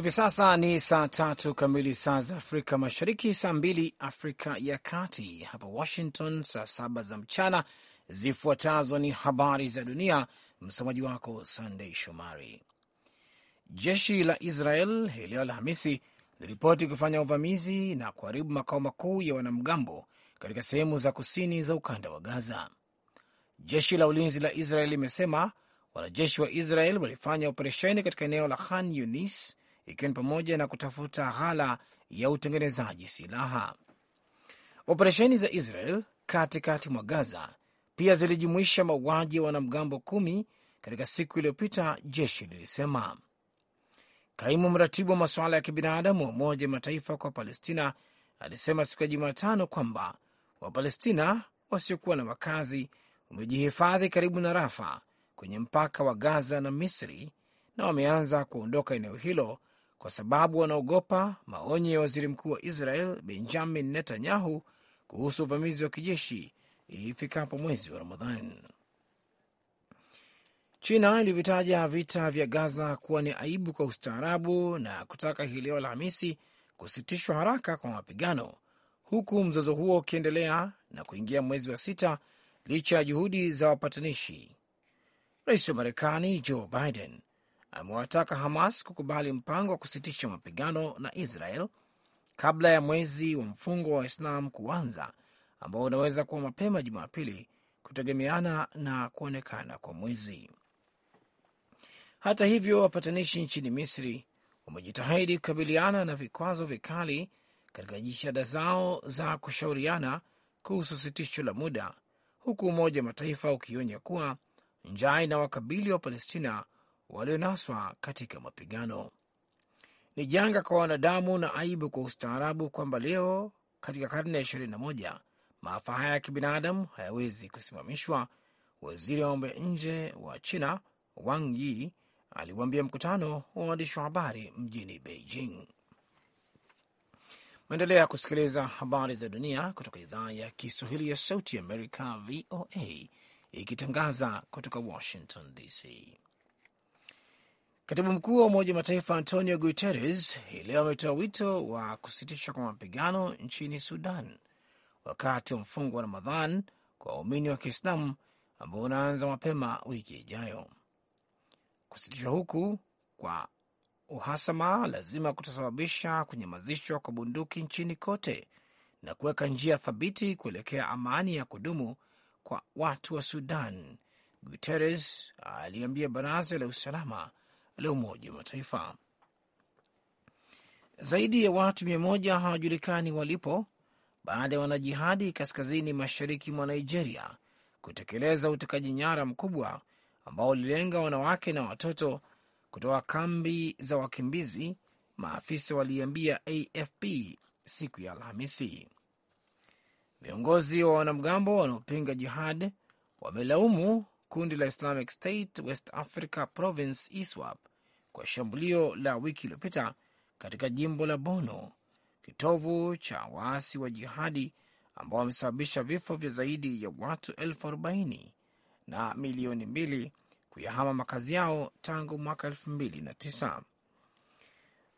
Hivi sasa ni saa tatu kamili saa za Afrika Mashariki, saa mbili Afrika ya Kati, hapa Washington saa saba za mchana. Zifuatazo ni habari za dunia, msomaji wako Sandei Shomari. Jeshi la Israel hii leo Alhamisi liliripoti kufanya uvamizi na kuharibu makao makuu ya wanamgambo katika sehemu za kusini za ukanda wa Gaza. Jeshi la ulinzi la Israel limesema wanajeshi wa Israel walifanya operesheni katika eneo la Khan Yunis ikiwa ni pamoja na kutafuta ghala ya utengenezaji silaha. Operesheni za Israel katikati mwa Gaza pia zilijumuisha mauaji ya wanamgambo kumi katika siku iliyopita, jeshi lilisema. Kaimu mratibu wa masuala ya kibinadamu wa Umoja wa Mataifa kwa Palestina alisema siku ya Jumatano kwamba Wapalestina wasiokuwa na makazi wamejihifadhi karibu na Rafa kwenye mpaka wa Gaza na Misri na wameanza kuondoka eneo hilo kwa sababu wanaogopa maonyo ya waziri mkuu wa Israel Benjamin Netanyahu kuhusu uvamizi wa kijeshi ifikapo mwezi wa Ramadhan. China ilivyotaja vita vya Gaza kuwa ni aibu kwa ustaarabu na kutaka hii leo Alhamisi kusitishwa haraka kwa mapigano, huku mzozo huo ukiendelea na kuingia mwezi wa sita licha ya juhudi za wapatanishi. Rais wa Marekani Joe Biden amewataka Hamas kukubali mpango wa kusitisha mapigano na Israel kabla ya mwezi wa mfungo wa Waislam kuanza ambao unaweza kuwa mapema Jumapili kutegemeana na kuonekana kwa mwezi. Hata hivyo, wapatanishi nchini Misri wamejitahidi kukabiliana na vikwazo vikali katika jitihada zao za kushauriana kuhusu sitisho la muda, huku Umoja wa Mataifa ukionya kuwa njaa inawakabili wa Palestina walionaswa katika mapigano. Ni janga kwa wanadamu na aibu kwa ustaarabu kwamba leo katika karne ya moja maafa haya ya kibinadamu hayawezi kusimamishwa. Waziri wa mambo ya nje wa China Wang Yi aliwaambia mkutano wa waandishi wa habari mjini Beijing. Maendelea kusikiliza habari za dunia kutoka idhaa ya Kiswahili ya Sauti Amerika, VOA, ikitangaza kutoka Washington DC. Katibu mkuu wa Umoja wa Mataifa Antonio Guterres hii leo ametoa wito wa kusitisha kwa mapigano nchini Sudan wakati wa mfungo wa Ramadhan kwa waumini wa Kiislamu ambao unaanza mapema wiki ijayo. Kusitishwa huku kwa uhasama lazima kutasababisha kunyamazishwa kwa bunduki nchini kote na kuweka njia thabiti kuelekea amani ya kudumu kwa watu wa Sudan, Guterres aliambia baraza la usalama la Umoja wa Mataifa. Zaidi ya watu mia moja hawajulikani walipo baada ya wanajihadi kaskazini mashariki mwa Nigeria kutekeleza utekaji nyara mkubwa ambao ulilenga wanawake na watoto kutoka kambi za wakimbizi, maafisa waliambia AFP siku ya Alhamisi. Viongozi wa wanamgambo wanaopinga jihad wamelaumu kundi la Islamic State West Africa Province ISWAP kwa shambulio la wiki iliyopita katika jimbo la Bono, kitovu cha waasi wa jihadi ambao wamesababisha vifo vya zaidi ya watu elfu arobaini na milioni mbili kuyahama makazi yao tangu mwaka elfu mbili na tisa.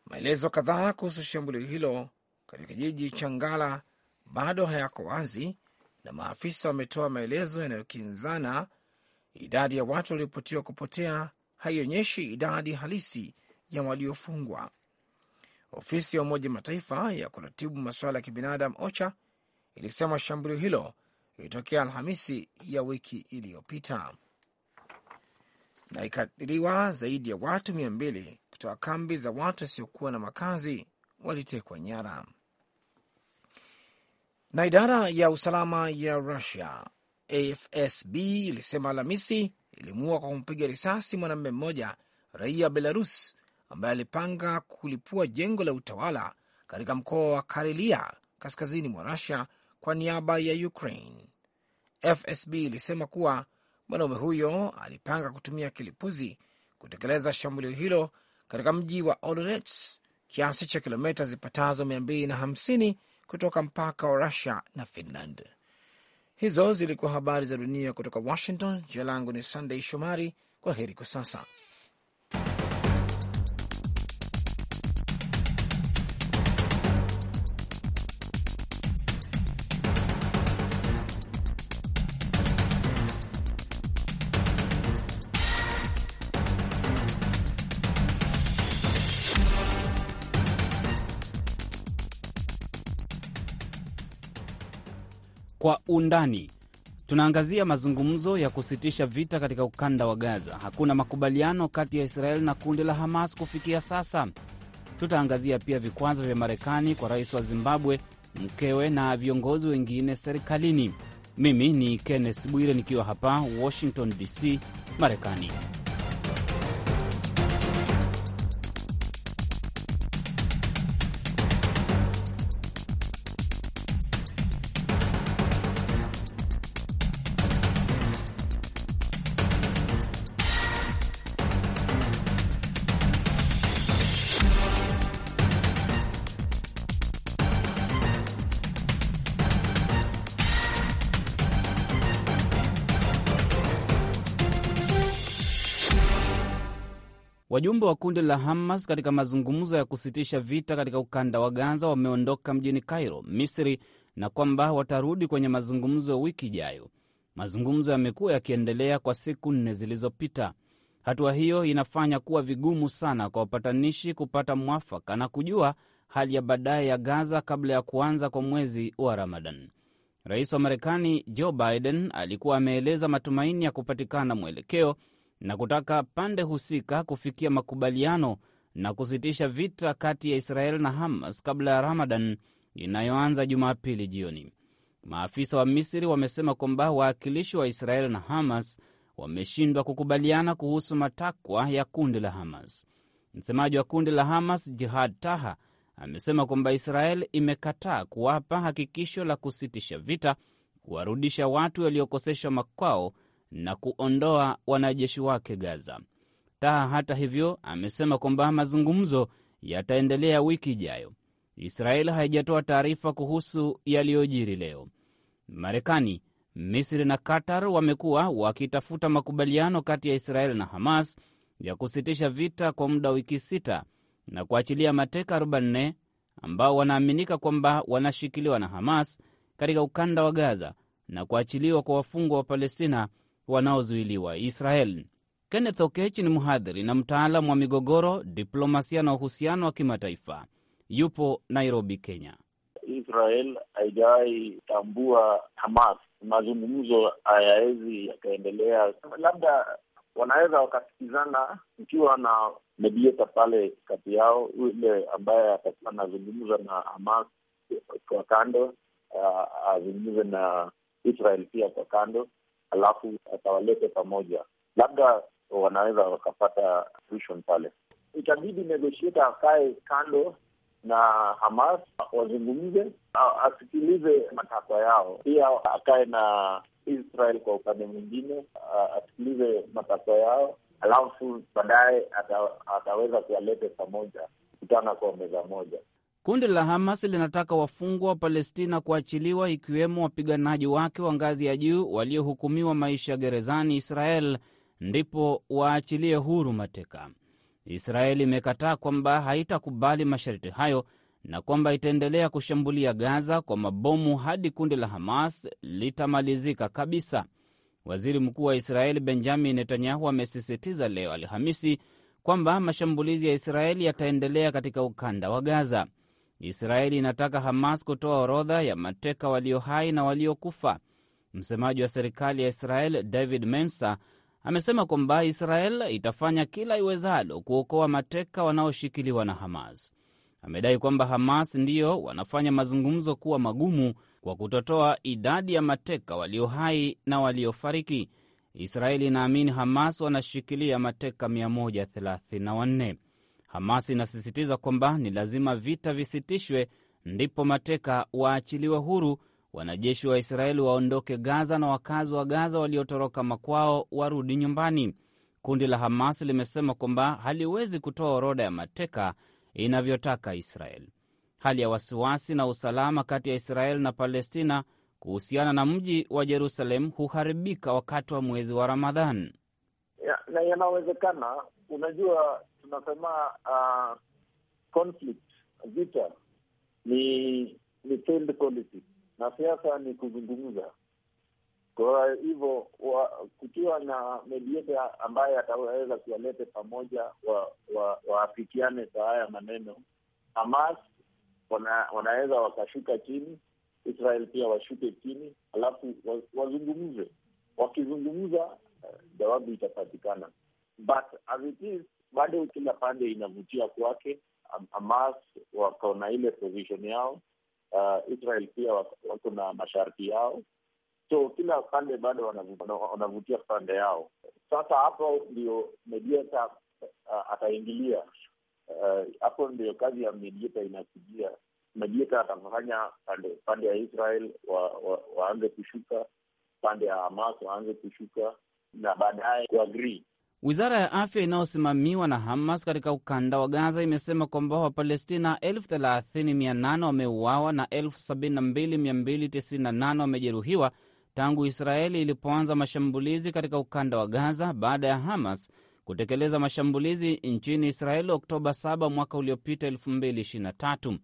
Maelezo kadhaa kuhusu shambulio hilo katika kijiji cha Ngala bado hayako wazi na maafisa wametoa maelezo yanayokinzana. Idadi ya watu waliopotiwa kupotea haionyeshi idadi halisi ya waliofungwa. Ofisi ya Umoja Mataifa ya kuratibu masuala ya kibinadamu OCHA ilisema shambulio hilo lilitokea Alhamisi ya wiki iliyopita, na ikadiriwa zaidi ya watu mia mbili kutoka kambi za watu wasiokuwa na makazi walitekwa nyara. Na idara ya usalama ya rusia AFSB ilisema Alhamisi ilimuua kwa kumpiga risasi mwanamume mmoja raia Belarus ambaye alipanga kulipua jengo la utawala katika mkoa wa Karelia kaskazini mwa Rusia kwa niaba ya Ukraine. FSB ilisema kuwa mwanaume huyo alipanga kutumia kilipuzi kutekeleza shambulio hilo katika mji wa Olonets, kiasi cha kilomita zipatazo 250 kutoka mpaka wa Rusia na Finland. Hizo zilikuwa habari za dunia kutoka Washington. Jina langu ni sandey Shomari. Kwa heri kwa sasa. Kwa undani tunaangazia mazungumzo ya kusitisha vita katika ukanda wa Gaza. Hakuna makubaliano kati ya Israeli na kundi la Hamas kufikia sasa. Tutaangazia pia vikwazo vya Marekani kwa rais wa Zimbabwe, mkewe na viongozi wengine serikalini. Mimi ni Kenneth Bwire nikiwa hapa Washington DC, Marekani. wa kundi la Hamas katika mazungumzo ya kusitisha vita katika ukanda wa Gaza wameondoka mjini Cairo, Misri, na kwamba watarudi kwenye mazungumzo wiki ijayo. Mazungumzo yamekuwa yakiendelea kwa siku nne zilizopita. Hatua hiyo inafanya kuwa vigumu sana kwa wapatanishi kupata mwafaka na kujua hali ya baadaye ya Gaza kabla ya kuanza kwa mwezi wa Ramadan. Rais wa Marekani Joe Biden alikuwa ameeleza matumaini ya kupatikana mwelekeo na kutaka pande husika kufikia makubaliano na kusitisha vita kati ya Israel na Hamas kabla ya Ramadan inayoanza Jumapili jioni. Maafisa wa Misri wamesema kwamba wawakilishi wa Israel na Hamas wameshindwa kukubaliana kuhusu matakwa ya kundi la Hamas. Msemaji wa kundi la Hamas, Jihad Taha, amesema kwamba Israel imekataa kuwapa hakikisho la kusitisha vita, kuwarudisha watu waliokoseshwa makwao na kuondoa wanajeshi wake Gaza. Taha hata hivyo amesema kwamba mazungumzo yataendelea wiki ijayo. Israeli haijatoa taarifa kuhusu yaliyojiri leo. Marekani, Misri na Qatar wamekuwa wakitafuta makubaliano kati ya Israeli na Hamas ya kusitisha vita kwa muda wa wiki sita na kuachilia mateka 44 ambao wanaaminika kwamba wanashikiliwa na Hamas katika ukanda wa Gaza na kuachiliwa kwa wafungwa wa Palestina wanaozuiliwa Israel. Kenneth Okech ni mhadhiri na mtaalamu wa migogoro, diplomasia na uhusiano wa kimataifa, yupo Nairobi, Kenya. Israel haijawahi tambua Hamas. Mazungumzo hayawezi yakaendelea, labda wanaweza wakasikizana ikiwa na mediata pale kati yao, yule ambaye atakuwa anazungumza na Hamas kwa kando, ah, azungumze na Israel pia kwa kando, alafu atawalete pamoja, labda wanaweza wakapata solution pale. Itabidi negotiator akae kando na Hamas wazungumze, asikilize matakwa yao, pia akae na Israel kwa upande mwingine, asikilize matakwa yao, alafu baadaye ata, ataweza kuwalete pamoja, kutana kwa meza moja. Kundi la Hamas linataka wafungwa wa Palestina kuachiliwa, ikiwemo wapiganaji wake wa ngazi ya juu waliohukumiwa maisha gerezani Israel, ndipo waachilie huru mateka. Israel imekataa kwamba haitakubali masharti hayo na kwamba itaendelea kushambulia Gaza kwa mabomu hadi kundi la Hamas litamalizika kabisa. Waziri Mkuu wa Israeli Benjamin Netanyahu amesisitiza leo Alhamisi kwamba mashambulizi ya Israeli yataendelea katika ukanda wa Gaza. Israeli inataka Hamas kutoa orodha ya mateka walio hai na waliokufa. Msemaji wa serikali ya Israel David Mensa amesema kwamba Israel itafanya kila iwezalo kuokoa mateka wanaoshikiliwa na Hamas. Amedai kwamba Hamas ndiyo wanafanya mazungumzo kuwa magumu kwa kutotoa idadi ya mateka walio hai na waliofariki. Israeli inaamini Hamas wanashikilia mateka 134. Hamas inasisitiza kwamba ni lazima vita visitishwe, ndipo mateka waachiliwe huru, wanajeshi wa Israeli waondoke Gaza na wakazi wa Gaza waliotoroka makwao warudi nyumbani. Kundi la Hamas limesema kwamba haliwezi kutoa orodha ya mateka inavyotaka Israeli. Hali ya wasiwasi na usalama kati ya Israeli na Palestina kuhusiana na mji wa Jerusalem huharibika wakati wa mwezi wa Ramadhan. Ya, na yanawezekana, unajua tunasema uh, conflict vita ni ni failed policy na siasa ni kuzungumza. Kwa hivyo kukiwa na mediator ambaye ataweza kuwalete pamoja, waafikiane wa, wa kwa haya maneno, Hamas wana, wanaweza wakashuka chini, Israel pia washuke chini, alafu wazungumze. Wakizungumza uh, jawabu itapatikana, but as it is bado kila pande inavutia kwake. Hamas wako na ile position yao, uh, Israel pia wako na masharti yao, so kila pande bado wanavutia pande yao. Sasa hapo ndio mediata uh, ataingilia uh, hapo uh, ndio kazi ya mediata inakujia. Mediata atafanya pande, pande ya Israel waanze wa, wa kushuka, pande ya Hamas waanze kushuka na baadaye kuagri Wizara ya afya inayosimamiwa na Hamas katika ukanda wa Gaza imesema kwamba Wapalestina 38 wameuawa na 72,298 wamejeruhiwa tangu Israeli ilipoanza mashambulizi katika ukanda wa Gaza baada ya Hamas kutekeleza mashambulizi nchini Israeli Oktoba 7 mwaka uliopita 2023.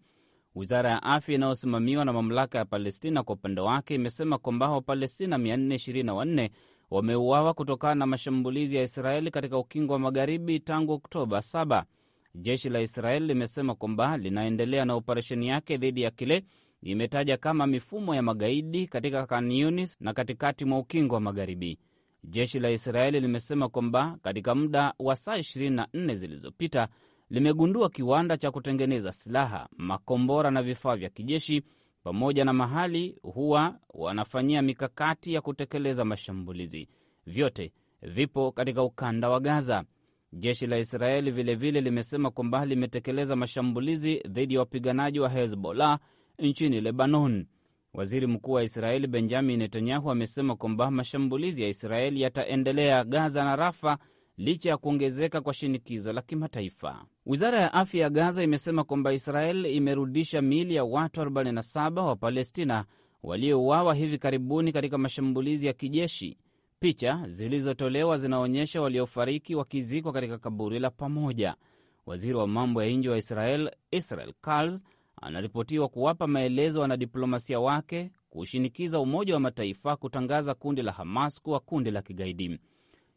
Wizara ya afya inayosimamiwa na mamlaka ya Palestina kwa upande wake imesema kwamba Wapalestina 424 wameuawa kutokana na mashambulizi ya Israeli katika ukingo wa magharibi tangu Oktoba 7. Jeshi la Israeli limesema kwamba linaendelea na operesheni yake dhidi ya kile imetaja kama mifumo ya magaidi katika Khan na katikati mwa ukingo wa magharibi. Jeshi la Israeli limesema kwamba katika muda wa saa 24 zilizopita limegundua kiwanda cha kutengeneza silaha, makombora na vifaa vya kijeshi pamoja na mahali huwa wanafanyia mikakati ya kutekeleza mashambulizi, vyote vipo katika ukanda wa Gaza. Jeshi la Israeli vilevile vile limesema kwamba limetekeleza mashambulizi dhidi ya wapiganaji wa Hezbollah nchini Lebanon. Waziri Mkuu wa Israeli Benjamin Netanyahu amesema kwamba mashambulizi ya Israeli yataendelea Gaza na Rafa licha ya kuongezeka kwa shinikizo la kimataifa. Wizara ya afya ya Gaza imesema kwamba Israel imerudisha miili ya watu 47 wa Palestina waliouawa hivi karibuni katika mashambulizi ya kijeshi. Picha zilizotolewa zinaonyesha waliofariki wakizikwa katika kaburi la pamoja. Waziri wa mambo ya nje wa Israel Israel Katz anaripotiwa kuwapa maelezo wanadiplomasia wake kushinikiza Umoja wa Mataifa kutangaza kundi la Hamas kuwa kundi la kigaidi.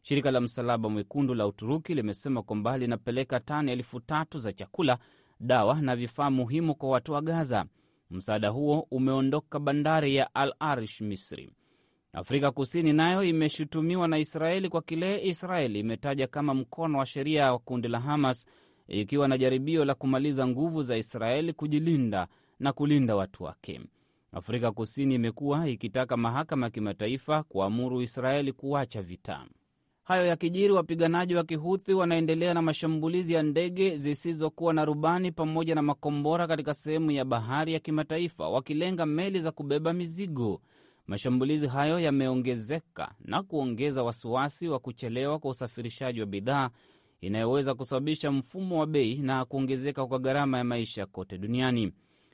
Shirika la Msalaba Mwekundu la Uturuki limesema kwamba linapeleka tani elfu tatu za chakula, dawa na vifaa muhimu kwa watu wa Gaza. Msaada huo umeondoka bandari ya Al Arish, Misri. Afrika Kusini nayo imeshutumiwa na Israeli kwa kile Israeli imetaja kama mkono wa sheria wa kundi la Hamas, ikiwa na jaribio la kumaliza nguvu za Israeli kujilinda na kulinda watu wake. Afrika Kusini imekuwa ikitaka mahakama ya kimataifa kuamuru Israeli kuacha vita. Hayo yakijiri, wapiganaji wa Kihuthi wanaendelea na mashambulizi ya ndege zisizokuwa na rubani pamoja na makombora katika sehemu ya bahari ya kimataifa, wakilenga meli za kubeba mizigo. Mashambulizi hayo yameongezeka na kuongeza wasiwasi wa kuchelewa kwa usafirishaji wa bidhaa inayoweza kusababisha mfumo wa bei na kuongezeka kwa gharama ya maisha kote duniani.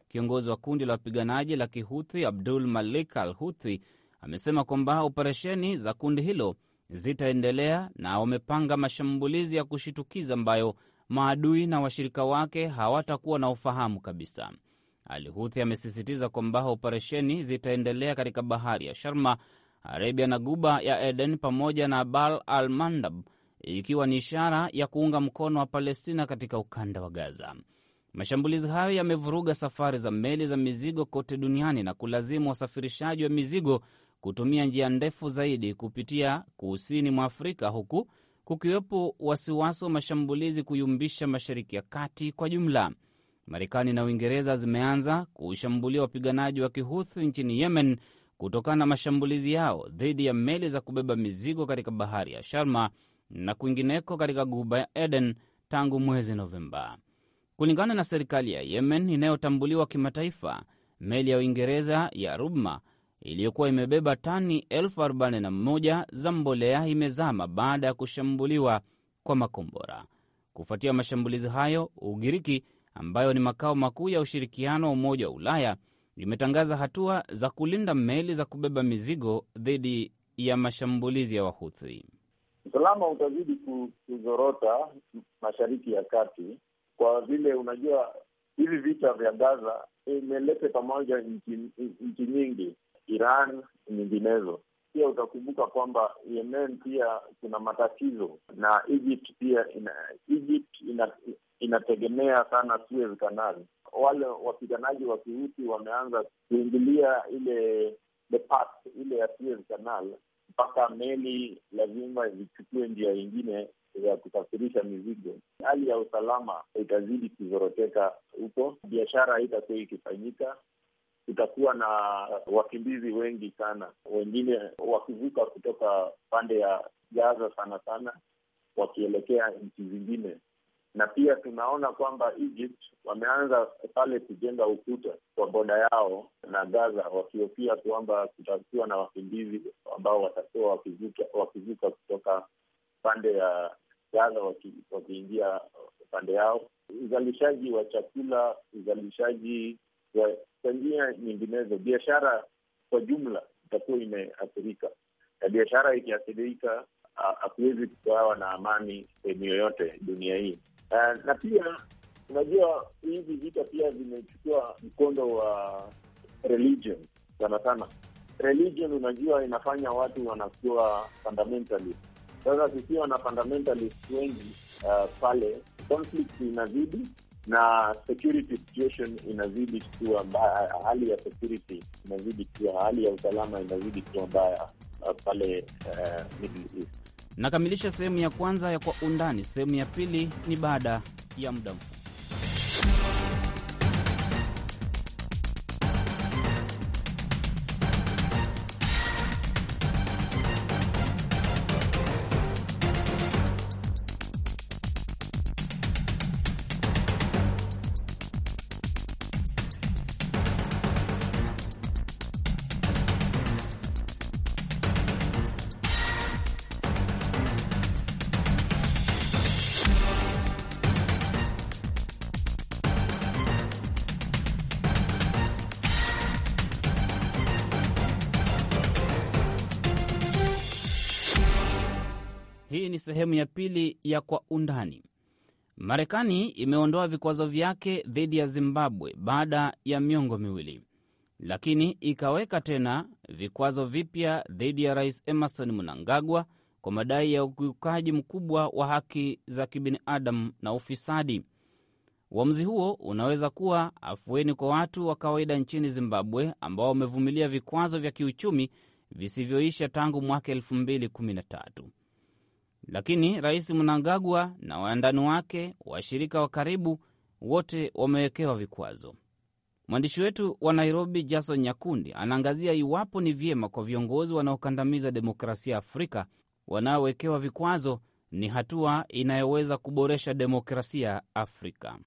Kiongozi wa kundi la wapiganaji la Kihuthi Abdul Malik al Huthi amesema kwamba operesheni za kundi hilo zitaendelea na wamepanga mashambulizi ya kushitukiza ambayo maadui na washirika wake hawatakuwa na ufahamu kabisa. alhuthi amesisitiza kwamba operesheni zitaendelea katika bahari ya Sharma, Arabia na guba ya Eden pamoja na bal al-Mandab, ikiwa ni ishara ya kuunga mkono wa Palestina katika ukanda wa Gaza. Mashambulizi hayo yamevuruga safari za meli za mizigo kote duniani na kulazimu wasafirishaji wa mizigo kutumia njia ndefu zaidi kupitia kusini mwa Afrika, huku kukiwepo wasiwasi wa mashambulizi kuyumbisha Mashariki ya Kati kwa jumla. Marekani na Uingereza zimeanza kushambulia wapiganaji wa Kihuthi nchini Yemen kutokana na mashambulizi yao dhidi ya meli za kubeba mizigo katika bahari ya Sharma na kwingineko katika guba ya Eden tangu mwezi Novemba. Kulingana na serikali ya Yemen inayotambuliwa kimataifa, meli ya Uingereza ya Rubma iliyokuwa imebeba tani 41 za mbolea imezama baada ya kushambuliwa kwa makombora. Kufuatia mashambulizi hayo, Ugiriki ambayo ni makao makuu ya ushirikiano wa Umoja wa Ulaya limetangaza hatua za kulinda meli za kubeba mizigo dhidi ya mashambulizi ya Wahuthi. Usalama utazidi kuzorota mashariki ya kati kwa vile unajua hivi vita vya Gaza imelete pamoja nchi nyingi, Iran nyinginezo. Pia utakumbuka kwamba Yemen pia kuna matatizo na Egypt pia ina, Egypt ina, inategemea sana Suez Canal. Wale wapiganaji wa kiuti wameanza kuingilia ile the path ile ya Suez Canal mpaka meli lazima zichukue njia yingine ya kusafirisha mizigo. Hali ya usalama itazidi kuzoroteka huko, biashara haitakuwa ikifanyika, kutakuwa na wakimbizi wengi sana, wengine wakivuka kutoka pande ya Gaza sana sana wakielekea nchi zingine, na pia tunaona kwamba Egypt wameanza pale kujenga ukuta kwa boda yao na Gaza, wakihofia kwamba kutakuwa na wakimbizi ambao watakuwa wakivuka, kutoka pande ya Gaza wakiingia waki pande yao. Uzalishaji wa chakula, uzalishaji kwa njia nyinginezo, biashara kwa jumla itakuwa imeathirika, na biashara ikiathirika, hakuwezi kukawa na amani sehemu yoyote dunia hii. Uh, na pia unajua hivi vita pia vimechukua mkondo wa religion sana sana. Religion unajua inafanya watu wanakuwa fundamentalist. Sasa tukiwa na fundamentalist wengi uh, pale conflict inazidi na security situation inazidi kuwa mbaya, hali ya security inazidi kuwa, hali ya usalama inazidi kuwa mbaya uh, pale uh, Middle East. Nakamilisha sehemu ya kwanza ya Kwa Undani. Sehemu ya pili ni baada ya muda mfupi. sehemu ya pili ya Kwa Undani. Marekani imeondoa vikwazo vyake dhidi ya Zimbabwe baada ya miongo miwili, lakini ikaweka tena vikwazo vipya dhidi ya Rais Emerson Mnangagwa kwa madai ya ukiukaji mkubwa wa haki za kibinadamu na ufisadi. Uamuzi huo unaweza kuwa afueni kwa watu wa kawaida nchini Zimbabwe ambao wamevumilia vikwazo vya kiuchumi visivyoisha tangu mwaka 2013 lakini Rais Mnangagwa na wandani wake, washirika wa karibu, wote wamewekewa vikwazo. Mwandishi wetu wa Nairobi, Jason Nyakundi, anaangazia iwapo ni vyema kwa viongozi wanaokandamiza demokrasia Afrika wanaowekewa vikwazo ni hatua inayoweza kuboresha demokrasia Afrika.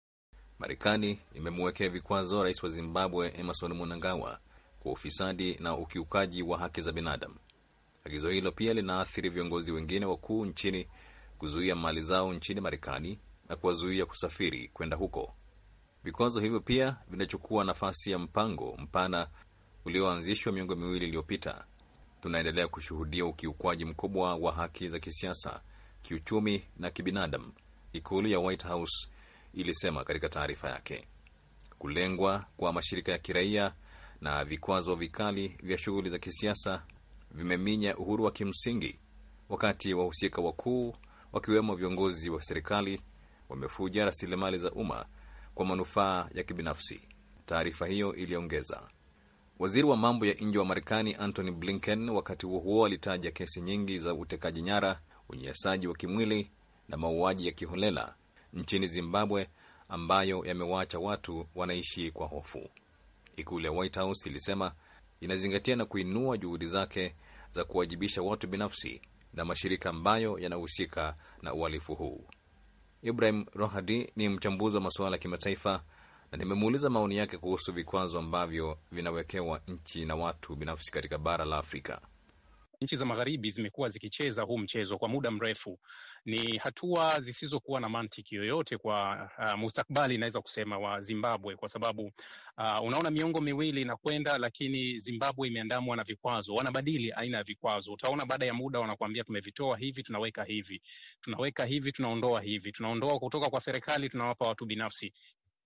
Marekani imemwekea vikwazo rais wa Zimbabwe Emerson Mnangagwa kwa ufisadi na ukiukaji wa haki za binadamu. Agizo hilo pia linaathiri viongozi wengine wakuu nchini kuzuia mali zao nchini Marekani na kuwazuia kusafiri kwenda huko. Vikwazo hivyo pia vinachukua nafasi ya mpango mpana ulioanzishwa miongo miwili iliyopita. Tunaendelea kushuhudia ukiukwaji mkubwa wa haki za kisiasa, kiuchumi na kibinadamu, ikulu ya White House ilisema katika taarifa yake. Kulengwa kwa mashirika ya kiraia na vikwazo vikali vya shughuli za kisiasa vimeminya uhuru wa kimsingi, wakati wahusika wakuu wakiwemo viongozi wa serikali wamefuja rasilimali za umma kwa manufaa ya kibinafsi, taarifa hiyo iliongeza. Waziri wa mambo ya nje wa Marekani Antony Blinken wakati huo huo alitaja kesi nyingi za utekaji nyara, unyanyasaji wa kimwili na mauaji ya kiholela nchini Zimbabwe ambayo yamewaacha watu wanaishi kwa hofu. Ikulu ya White House ilisema inazingatia na kuinua juhudi zake za kuwajibisha watu binafsi na mashirika ambayo yanahusika na uhalifu huu. Ibrahim Rohadi ni mchambuzi wa masuala ya kimataifa na nimemuuliza maoni yake kuhusu vikwazo ambavyo vinawekewa nchi na watu binafsi katika bara la Afrika. Nchi za magharibi zimekuwa zikicheza huu mchezo kwa muda mrefu, ni hatua zisizokuwa na mantiki yoyote kwa uh, mustakbali inaweza kusema wa Zimbabwe, kwa sababu uh, unaona miongo miwili inakwenda, lakini Zimbabwe imeandamwa na vikwazo. Wanabadili aina ya vikwazo, utaona baada ya muda wanakuambia tumevitoa hivi, tunaweka hivi, tunaweka hivi, tunaondoa hivi, tunaondoa kutoka kwa serikali, tunawapa watu binafsi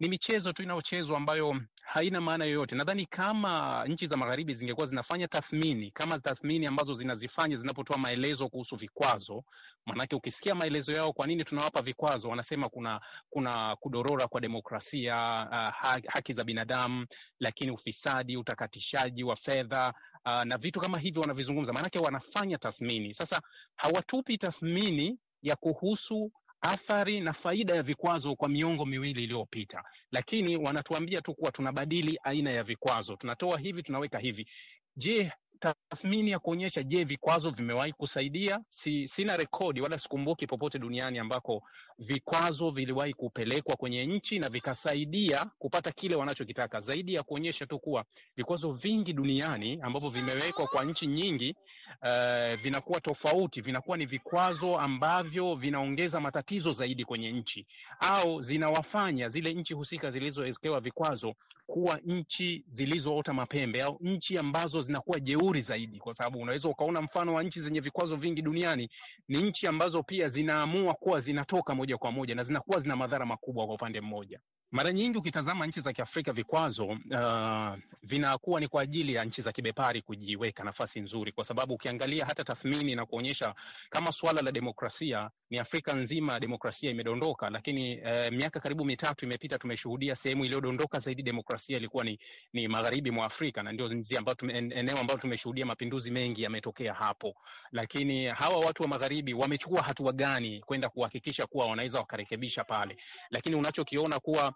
ni michezo tu inayochezwa ambayo haina maana yoyote. Nadhani kama nchi za magharibi zingekuwa zinafanya tathmini kama tathmini ambazo zinazifanya zinapotoa maelezo kuhusu vikwazo, maanake ukisikia maelezo yao, kwa nini tunawapa vikwazo, wanasema kuna kuna kudorora kwa demokrasia, uh, haki za binadamu, lakini ufisadi, utakatishaji wa fedha uh, na vitu kama hivyo wanavizungumza, maanake wanafanya tathmini. Sasa hawatupi tathmini ya kuhusu athari na faida ya vikwazo kwa miongo miwili iliyopita, lakini wanatuambia tu kuwa tunabadili aina ya vikwazo, tunatoa hivi, tunaweka hivi. Je, tathmini ya kuonyesha je, vikwazo vimewahi kusaidia? Si, sina rekodi wala sikumbuki popote duniani ambako vikwazo viliwahi kupelekwa kwenye nchi na vikasaidia kupata kile wanachokitaka, zaidi ya kuonyesha tu kuwa vikwazo vingi duniani ambavyo vimewekwa kwa nchi nyingi uh, vinakuwa tofauti, vinakuwa ni vikwazo ambavyo vinaongeza matatizo zaidi kwenye nchi au zinawafanya zile nchi husika zilizowekewa vikwazo kuwa nchi zilizoota mapembe au nchi ambazo zinakuwa jeuri zaidi, kwa sababu unaweza ukaona mfano wa nchi zenye vikwazo vingi duniani ni nchi ambazo pia zinaamua kuwa zinatoka moja kwa moja na zinakuwa zina madhara makubwa kwa upande mmoja. Mara nyingi ukitazama nchi za Kiafrika, vikwazo uh, vinakuwa ni kwa ajili ya nchi za kibepari kujiweka nafasi nzuri, kwa sababu ukiangalia hata tathmini na kuonyesha kama suala la demokrasia ni Afrika nzima demokrasia imedondoka, lakini uh, miaka karibu mitatu imepita, tumeshuhudia sehemu iliyodondoka zaidi demokrasia ilikuwa ni, ni magharibi mwa Afrika, na ndio eneo ambalo tumeshuhudia mapinduzi mengi yametokea hapo. Lakini hawa watu wa magharibi wamechukua hatua wa gani kwenda kuhakikisha kuwa wanaweza wakarekebisha pale, lakini unachokiona kuwa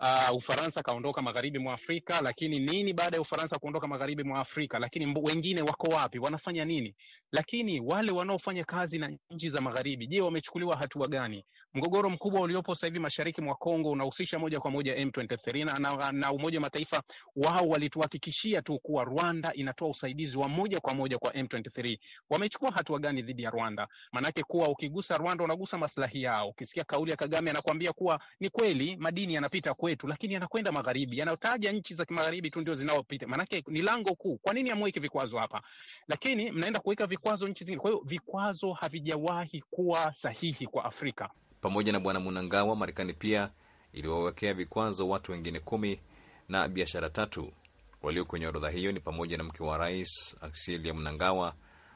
uh, Ufaransa kaondoka magharibi mwa Afrika, lakini nini baada ya Ufaransa kuondoka magharibi mwa Afrika? Lakini wengine wako wapi? Wanafanya nini? Lakini wale wanaofanya kazi na nchi za magharibi, je, wamechukuliwa hatua gani? Mgogoro mkubwa uliopo sasa hivi mashariki mwa Kongo unahusisha moja kwa moja M23 na, na, na Umoja wa Mataifa. Wao walituhakikishia tu kuwa Rwanda inatoa usaidizi wa moja kwa moja kwa M23. Wamechukua hatua gani dhidi ya Rwanda? Maanake kuwa ukigusa Rwanda unagusa maslahi yao. Ukisikia kauli ya Kagame anakuambia kuwa ni kweli madini yanapita kwe kwetu, lakini anakwenda magharibi, anataja nchi za magharibi tu ndio zinaopita, maanake ni lango kuu. Kwa nini amweke vikwazo hapa, lakini mnaenda kuweka vikwazo nchi zingine? Kwa hiyo vikwazo havijawahi kuwa sahihi kwa Afrika. Pamoja na Bwana Munangawa, Marekani pia iliwawekea vikwazo watu wengine kumi na biashara tatu. Walio kwenye orodha hiyo ni pamoja na mke wa rais Aksilia Mnangawa,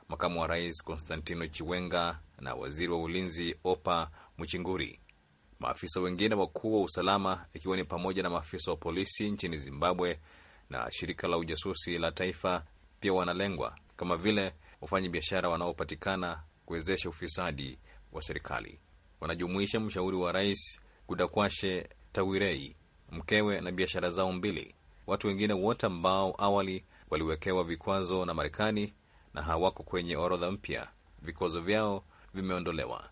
makamu wa rais Konstantino Chiwenga na waziri wa ulinzi Opa Muchinguri. Maafisa wengine wakuu wa usalama ikiwa ni pamoja na maafisa wa polisi nchini Zimbabwe na shirika la ujasusi la taifa pia wanalengwa kama vile wafanyabiashara wanaopatikana kuwezesha ufisadi wa serikali. Wanajumuisha mshauri wa rais Kudakwashe Tawirei, mkewe na biashara zao mbili. Watu wengine wote ambao awali waliwekewa vikwazo na Marekani na hawako kwenye orodha mpya, vikwazo vyao vimeondolewa.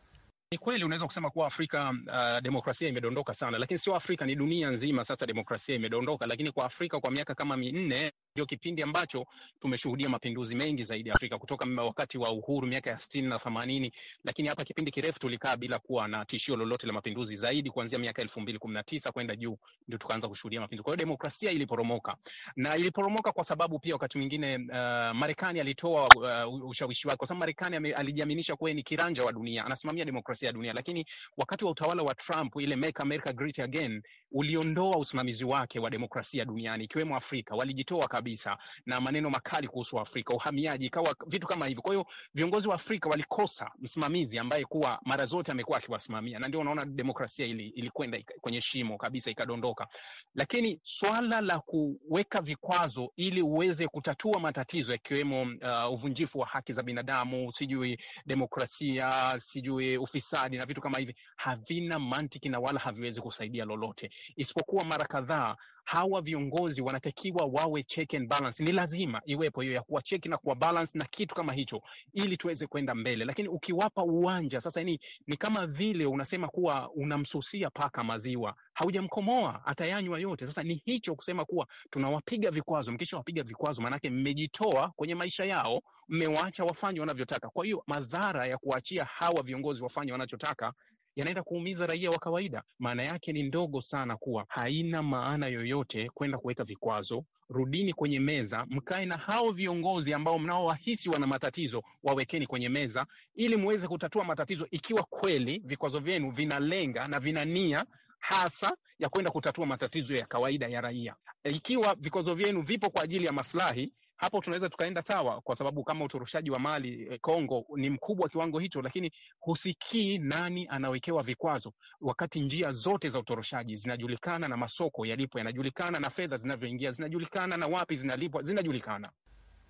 Ni kweli unaweza kusema kuwa Afrika uh, demokrasia imedondoka sana, lakini sio Afrika, ni dunia nzima. Sasa demokrasia imedondoka, lakini kwa Afrika kwa miaka kama minne ndio kipindi ambacho tumeshuhudia mapinduzi mengi zaidi Afrika kutoka wakati wa uhuru miaka ya sitini na themanini, lakini hapa kipindi kirefu tulikaa bila kuwa na tishio lolote la mapinduzi zaidi kuanzia miaka elfu mbili kumi na tisa kwenda juu ndio tukaanza kushuhudia mapinduzi. Kwa hiyo demokrasia iliporomoka na iliporomoka kwa sababu pia wakati mwingine uh, Marekani alitoa uh, ushawishi wake, kwa sababu Marekani alijiaminisha kuwa ni kiranja wa dunia, anasimamia demokrasia ya dunia, lakini wakati wa utawala wa Trump ile Make America Great Again uliondoa usimamizi wake wa demokrasia duniani ikiwemo Afrika, walijitoa kabisa kabisa na maneno makali kuhusu Afrika, uhamiaji, ikawa vitu kama hivyo. Kwa hiyo viongozi wa Afrika walikosa msimamizi ambaye kuwa mara zote amekuwa akiwasimamia, na ndio unaona demokrasia ili, ilikwenda kwenye shimo kabisa, ikadondoka. Lakini swala la kuweka vikwazo ili uweze kutatua matatizo yakiwemo uh, uvunjifu wa haki za binadamu, sijui demokrasia, sijui ufisadi na vitu kama hivi, havina mantiki na wala haviwezi kusaidia lolote isipokuwa mara kadhaa hawa viongozi wanatakiwa wawe check and balance. Ni lazima iwepo hiyo ya kuwa check na kuwa balance na kitu kama hicho, ili tuweze kwenda mbele. Lakini ukiwapa uwanja sasa, ni, ni kama vile unasema kuwa unamsusia paka maziwa, haujamkomoa atayanywa yote. Sasa ni hicho kusema kuwa tunawapiga vikwazo. wapiga vikwazo, maanake mmejitoa kwenye maisha yao, mmewaacha wafanye wanavyotaka. Kwa hiyo madhara ya kuwaachia hawa viongozi wafanye wanachotaka yanaenda kuumiza raia wa kawaida. Maana yake ni ndogo sana, kuwa haina maana yoyote kwenda kuweka vikwazo. Rudini kwenye meza, mkae na hao viongozi ambao mnaowahisi wana matatizo, wawekeni kwenye meza ili mweze kutatua matatizo, ikiwa kweli vikwazo vyenu vinalenga na vina nia hasa ya kwenda kutatua matatizo ya kawaida ya raia. Ikiwa vikwazo vyenu vipo kwa ajili ya maslahi hapo tunaweza tukaenda sawa, kwa sababu kama utoroshaji wa mali eh, Kongo ni mkubwa kiwango hicho, lakini husikii nani anawekewa vikwazo, wakati njia zote za utoroshaji zinajulikana na masoko yalipo yanajulikana na fedha zinavyoingia zinajulikana na wapi zinalipwa zinajulikana.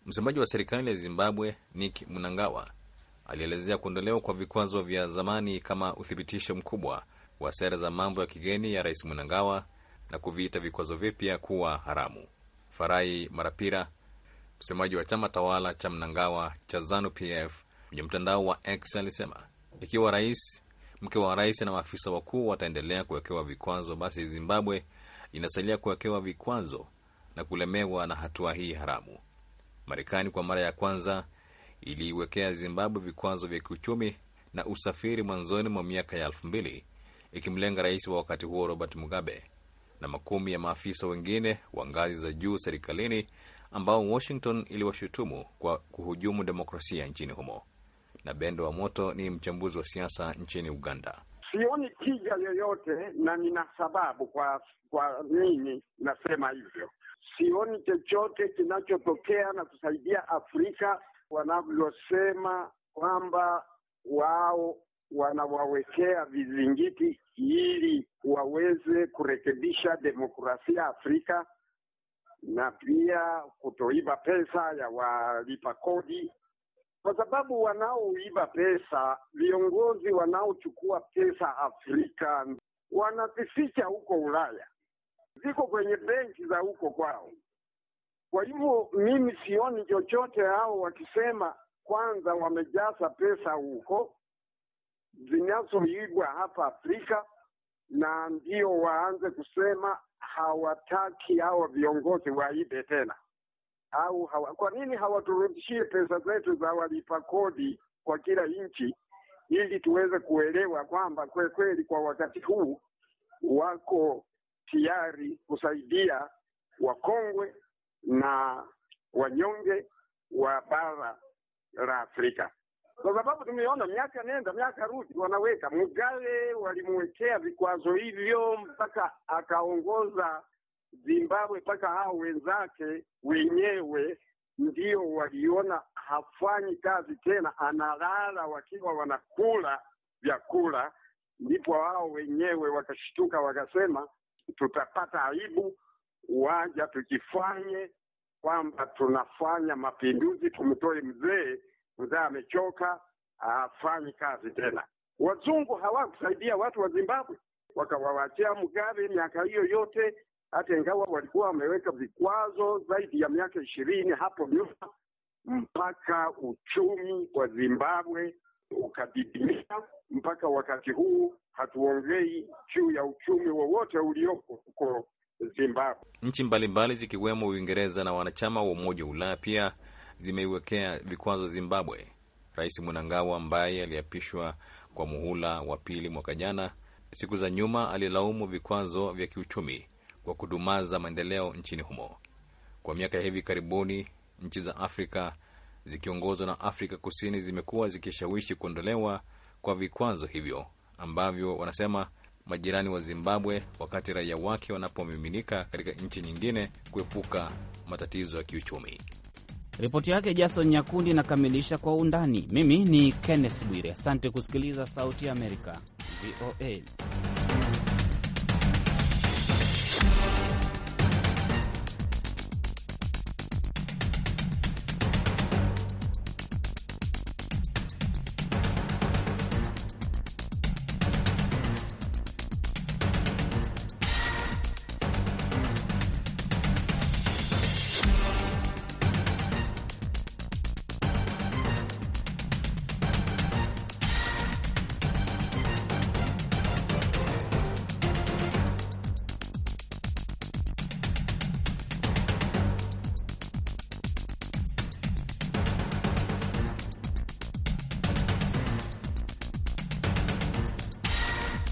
Msemaji wa serikali ya Zimbabwe Nick Mnangawa alielezea kuondolewa kwa vikwazo vya zamani kama uthibitisho mkubwa wa sera za mambo ya kigeni ya Rais Mnangawa na kuviita vikwazo vipya kuwa haramu. Farai Marapira Msemaji wa chama tawala cha Mnangawa cha ZANU PF kwenye mtandao wa X alisema ikiwa rais, mke wa rais na maafisa wakuu wataendelea kuwekewa vikwazo, basi Zimbabwe inasalia kuwekewa vikwazo na kulemewa na hatua hii haramu. Marekani kwa mara ya kwanza iliiwekea Zimbabwe vikwazo vya kiuchumi na usafiri mwanzoni mwa miaka ya elfu mbili ikimlenga rais wa wakati huo Robert Mugabe na makumi ya maafisa wengine wa ngazi za juu serikalini ambao Washington iliwashutumu kwa kuhujumu demokrasia nchini humo. Na Bendo wa Moto ni mchambuzi wa siasa nchini Uganda. Sioni tija yoyote na nina sababu kwa kwa nini nasema hivyo. Sioni chochote kinachotokea na kusaidia Afrika wanavyosema kwamba wao wanawawekea vizingiti ili waweze kurekebisha demokrasia Afrika na pia kutoiba pesa ya walipa kodi, kwa sababu wanaoiba pesa, viongozi wanaochukua pesa Afrika wanazificha huko Ulaya, ziko kwenye benki za huko kwao. Kwa hivyo mimi sioni chochote hao wakisema kwanza wamejaza pesa huko zinazoibwa hapa Afrika na ndio waanze kusema hawataki hawa viongozi waibe tena au hawa, kwa nini hawaturudishie pesa zetu za walipa kodi kwa kila nchi, ili tuweze kuelewa kwamba kwe kweli kwa wakati huu wako tayari kusaidia wakongwe na wanyonge wa bara la Afrika kwa sababu tumeona miaka nenda miaka rudi, wanaweka mgale walimwekea vikwazo hivyo mpaka akaongoza Zimbabwe, mpaka hao wenzake wenyewe ndio waliona hafanyi kazi tena, analala wakiwa wanakula vyakula. Ndipo hao wenyewe wakashtuka, wakasema tutapata aibu, waja tujifanye kwamba tunafanya mapinduzi, tumtoe mzee mzee amechoka, hafanyi kazi tena. Wazungu hawakusaidia watu wa Zimbabwe, wakawawachia Mugabe miaka hiyo yote, hata ingawa walikuwa wameweka vikwazo zaidi ya miaka ishirini hapo nyuma, mpaka uchumi wa Zimbabwe ukadidimia. Mpaka wakati huu hatuongei juu ya uchumi wowote uliopo huko Zimbabwe. Nchi mbalimbali zikiwemo Uingereza na wanachama wa Umoja wa Ulaya pia zimeiwekea vikwazo Zimbabwe. Rais Mnangagwa ambaye aliapishwa kwa muhula wa pili mwaka jana, siku za nyuma alilaumu vikwazo vya kiuchumi kwa kudumaza maendeleo nchini humo. Kwa miaka ya hivi karibuni, nchi za Afrika zikiongozwa na Afrika Kusini zimekuwa zikishawishi kuondolewa kwa vikwazo hivyo ambavyo wanasema majirani wa Zimbabwe, wakati raia wake wanapomiminika katika nchi nyingine kuepuka matatizo ya kiuchumi. Ripoti yake Jason Nyakundi inakamilisha kwa undani. Mimi ni Kenneth Bwire, asante kusikiliza Sauti ya Amerika, VOA.